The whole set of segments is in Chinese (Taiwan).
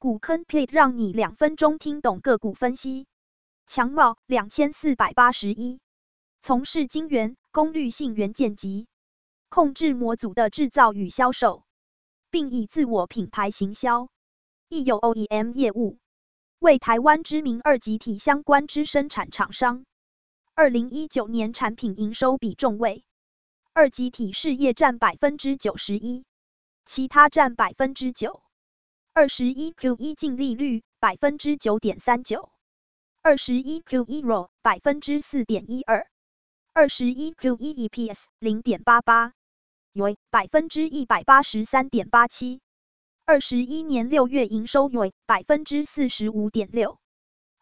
股坑 plate 讓你兩分鐘聽懂個股分析。強茂兩千四百八十一，從事晶圓、功率性元件及控制模組的製造與銷售，並以自我品牌行銷，亦有 OEM 業務，為台灣知名二極體相關之生產廠商。二零一九年產品營收比重為二極體事業占百分之九十一，其他占百分之九。二十一 Q1 淨利率百分之九點三九，二十一 Q1 ROE 百分之四點一二，二十一 Q1 EPS 零點八八，為百分之一百八十三點八七，二十一年六月營收為百分之四十五點六，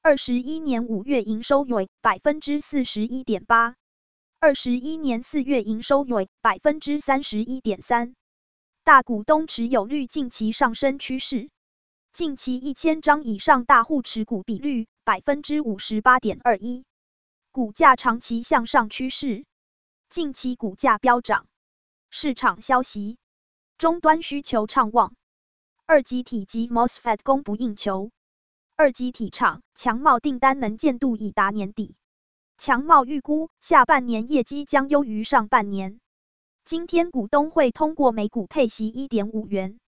二十一年五月營收為百分之四十一點八，二十一年四月營收為百分之三十一點三。大股東持有率近期上升趨勢，近期一千張以上大戶持股比率百分之五十八點二一，股價長期向上趨勢，近期股價飆漲。市場消息，終端需求暢旺，二極體及 MOSFET 供不應求，二極體廠強茂訂單能見度已達年底，強茂預估下半年業績將優於上半年。今天股東會通過每股配息一點五元。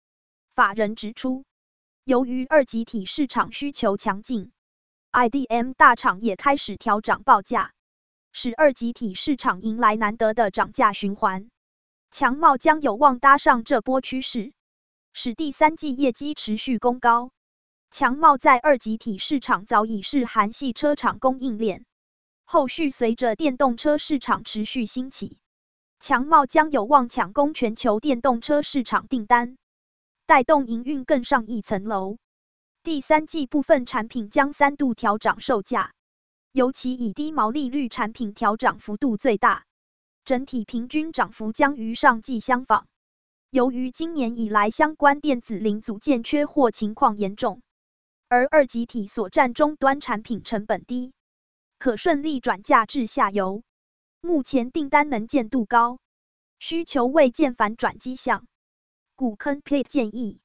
法人指出，由於二極體市場需求強勁，IDM 大廠也開始調漲報價，使二極體市場迎來難得的漲價循環。強茂將有望搭上這波趨勢，使第三季業績持續攻高。強茂在二極體市場早已是韓系車廠供應鏈，後續隨着電動車市場持續興起。強茂將有望搶攻全球電動車市場訂單，帶動營運更上一層樓。第三季部分產品將三度調漲售價，尤其以低毛利率產品調漲幅度最大，整體平均漲幅將與上季相仿。由於今年以來相關電子零組件缺貨情況嚴重，而二極體所占終端產品成本低，可順利轉嫁至下游。目前訂單能見度高，需求未見反轉跡象。股坑 plate 建議，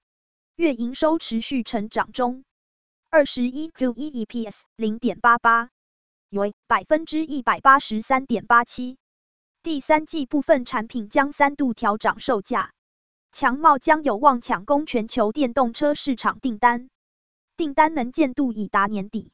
月營收持續成長中，二十一 Q 一 EPS 零點八八，YoY 百分之一百八十三點八七。第三季部分產品將三度調漲售價，強茂將有望搶攻全球電動車市場訂單，訂單能見度已達年底。